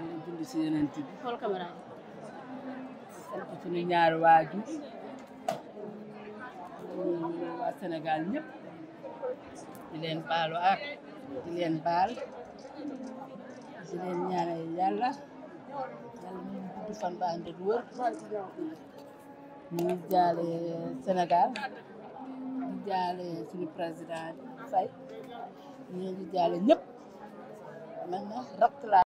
yàlla julli si yonent bi sant suñu ñaar waajur waa Sénégal ñëpp di leen baalu ak di leen baal di leen ñaanal ngi jaale Sénégal di jaale suñu président Faye ñu ngi jaale ñëpp man na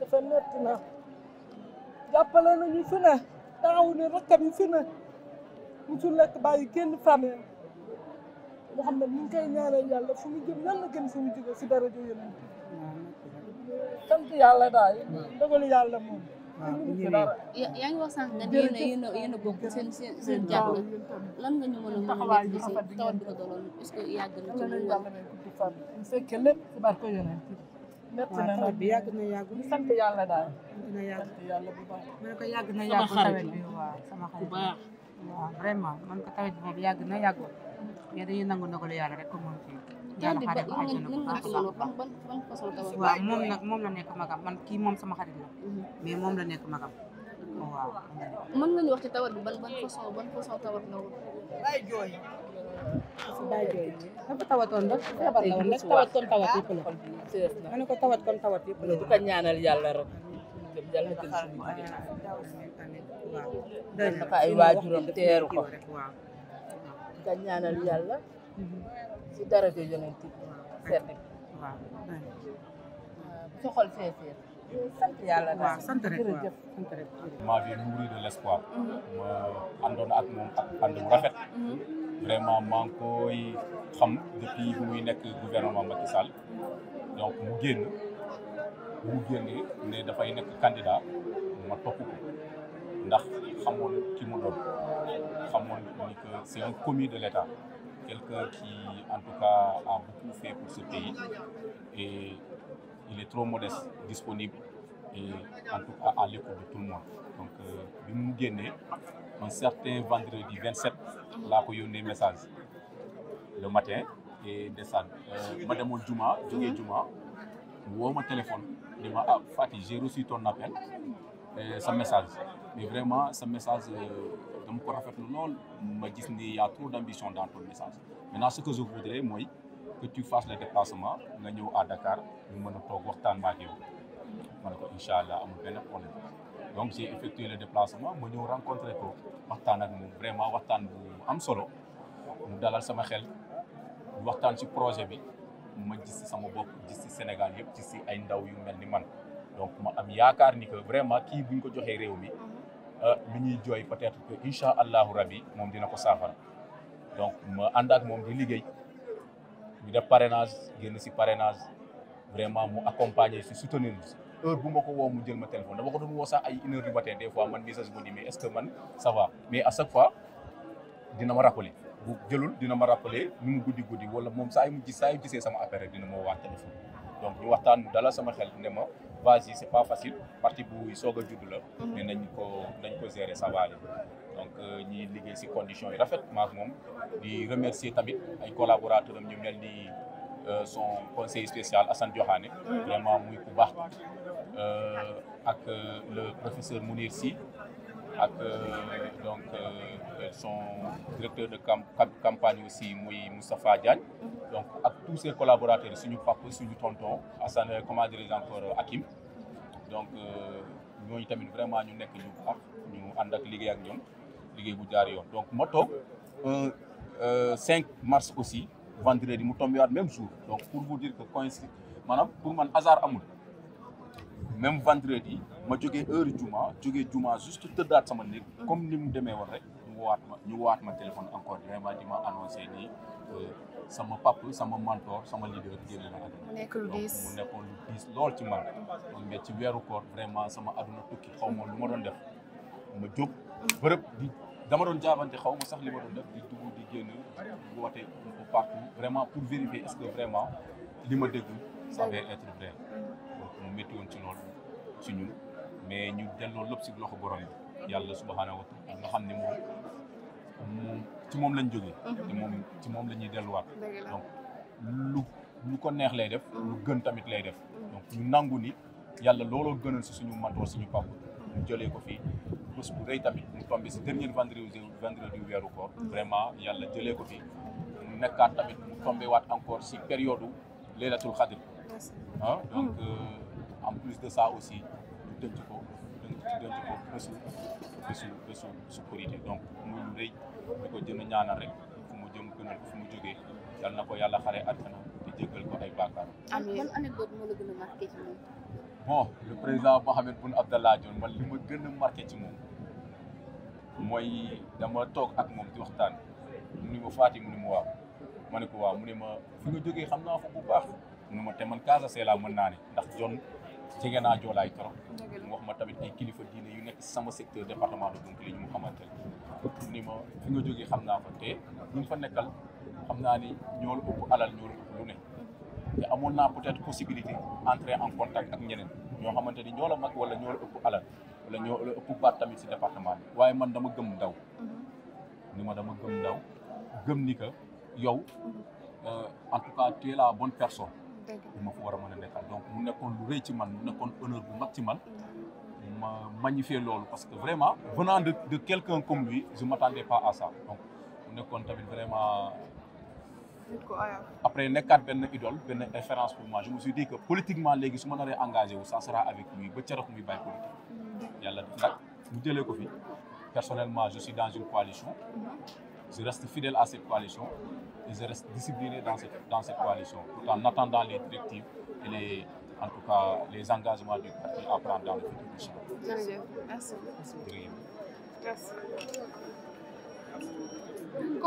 dafa metti na jàppale nañu fi ne taxaw ni rakkam yi fi ne musul lekk bàyyi kenn famille Mouhamed ñu ngi koy ñaanal yàlla fu mu jëm nan la gën fu mu jóge si dara jo yonent sant yàlla daal dogalu yàlla moom yaa ngi wax sànq nga ne yéen a yéen a bokk seen seen seen jàpp lan nga ñu mën a mën a gis si tawat bi ko doloon est-ce que yàgg na ci lu fekkee lépp si barke yonent yàgg na yàggul sant yàlla daal. dina yàgg yàgg na yàggul nawet bi waaw sama xarit vraiment man ko nawet bi moom yàgg na yàggul. mais dañuy nangu ndogalu yàlla rek comme moom fii. yàlla xarit bu àjjana bu baax a moom nag moom la nekk magam man kii moom sama xarit la. Mhm. mais moom la nekk magam. Mhm. waaw. mën nga ñu wax ci tawat bi ban ban façon ban façon tawat baay jooy dafa tawatoon nag feebar la woon nag tawat comme tawat la ma ne ko tawat comme tawat yëpp la du ko ñaanal yàlla rek yàlla gën suñu jigéen waaw naka ay waajuram teeru ko du ko ñaanal yàlla si yàlla rek jërëjëf sant rek de l'espoir vraiment maa ngi koy xam depuis bi muy nekk gouvernement Macky Sall donc mu génn mu génnee ne dafay nekk candidat ma topp ndax xamoon ki mu doon xamoon ni c'est un commis de l'État quelqu'un qui en tout cas a beaucoup fait pour ce pays et il est trop modeste disponible et en tout cas à l'écoute de tout le monde donc euh, bi mu génnee un certain vendredi 27 laa ko yónnee message le matin et ndeysaan euh, ma demoon juma jógee juma woo ma téléphone ni ma ah Fati j'ai reçu ton appel euh, sa message mais vraiment sa message dama ko rafetlu lool ma gis ni y a trop d'ambition dans ton message maintenant ce que je voudrais mooy que tu fasses le déplacement nga ñëw à Dakar ñu mën a toog waxtaan ma ma ne incha allah amul benn problème donc j'ai effectué le déplacement ma ñëw rencontré ko waxtaan ak moom vraiment waxtaan bu am solo mu dalal sama xel waxtaan ci projet bi ma gis sama bopp gis Sénégal yëpp gis ci ay ndaw yu mel ni man donc ma am yaakaar ni que vraiment kii buñ ko joxee réew mi li mhm. ah, ñuy jooy peut-être que incha allahu rabi moom dina ko saafara donc ma ànd ak moom di liggéey ñu def parrainage génn ci parrainage vraiment mu accompagner ci soutenir heure bu ma ko woo mu jël ma téléphone dama ko doon woo sax ay une heure du matin des fois man message ma mais est ce que man ça mais à chaque fois dina ma rappeler bu jëlul dina ma rappeler nu mu guddi guddi wala moom saay yu mu gis saa yu gisee sama affaire rek dina ma woo téléphone donc ñu waxtaan mu dalal sama xel ne ma base yi c'est pas facile parti bu soog a judd la. Mhm. mais nañ ko nañ ko gérer ça va donc euh, ñi liggéey si conditions yi rafet maak moom di remercier tamit ay collaborateurs am ñu mel ni. Euh, son conseiller spécial Assane Diokhane vraiment muy ku baax euh, ak euh, le professeur Mounir Sy ak donc son directeur de campagne aussi muy Moustapha Diagne donc ak tous ses collaborateurs suñu papa suñu tonton Assane comment dirais-je encore Hakim donc ñooñu tamit vraiment ñu nekk ñu baax ñu ànd liggéey ak ñoom liggéey bu jaar yoon donc ma mars aussi vendredi mu tombé waat même jour donc pour vous dire que coïncide maanaam pour man hasard amul même vendredi ma jógee heure juma jógee juma juste tëddaat sama néeg comme ni mu demee woon rek ñu waat ma ñu waat ma téléphone encore vraiment di ma annoncé nii euh, sama papa sama mentor sama leader génn na àdduna mu nekk lu diis lool ci man mais ci weeru koor vraiment sama àdduna tukki xaw ma lu ma doon def ma jóg bërëb dama doon jaabante xaw ma sax li ma doon def génn woote un peu partout vraiment pour vérifier est-ce que vraiment li ma déglu ça va être vrai donc mu métti woon ci loolu ci ñun mais ñu delloo lépp si loxo borom bi yàlla subhaanahu wa taala nga moom moom ci moom lañ jóge mhm. te moom ci moom la ñuy delluwaat donc lu lu ko neex lay def lu mhm. gën tamit lay def donc ñu nangu ni yàlla looloo gënal si suñu mentor suñu papa ñu ko fii bés bu rëy tamit mu tombé si dernier vendredi vendredi weeru koor mm. vraiment yàlla jëlee ko fii mu nekkaat tamit mu tombé waat encore si période leelatul xadr ah donc euh, en plus de saa aussi ñu dënc ko dënc ko bésu bésu bésu donc muy lu rëy di ko gën a rek fu mu jëm gënal ko fu mu jógee yal na ko yàlla xare àddina di jéggal ko ay bàkkaar bon le président Mohamed Boun Abdallah Dionne man li ma gën a marqué ci moom mooy dama toog ak moom di waxtaan mu ni ma Fatick mu ni ma ne ko waaw mu ne ma fi nga jógee xam naa ko bu baax mu ne ma te man Casa Sela mën naa ne ndax Dionne jege naa joolaay trop mu wax ma tamit ay kilifa diine yu nekk sama secteur département de Bounkiling ñu mu xamante mu ni ma fi nga jógee xam naa ko te ñu fa nekkal xam naa ni ñool la ëpp alal ñoo la lu ne te amoon naa peut-être possibilité entrer en contact ak ñeneen ñoo xamante ni ñoo la mag wala ñoo la ëpp alal wala ñoo la ëpp baat tamit si département bi waaye man dama gëm daw mhm. ni ma dama gëm ndaw gëm ni que yow euh, en tout cas tu la bonne personne bu ma fu war a mën a nekkal donc mu nekkoon lu rëy ci man mu nekkoon honneur bu mag ci man mhm. ma magnifier loolu parce que vraiment venant de de quelqu'un comme lui je m'attendais pas à ça nekkoon tamit vraiment après nekkaat benn idole benn référence pour moi je me suis dit que politiquement léegi su ma naree engagé wu ça sera avec lui ba carax muy bàyyi politique mm-hmm. yàlla nag mu jëlee ko fi personnellement je suis dans une coalition mm-hmm. je reste fidèle à cette coalition et je reste discipliné dans cette dans coalition tout en les directives et les tout cas les engagements du parti à dans le futur incha allah. jërëjëf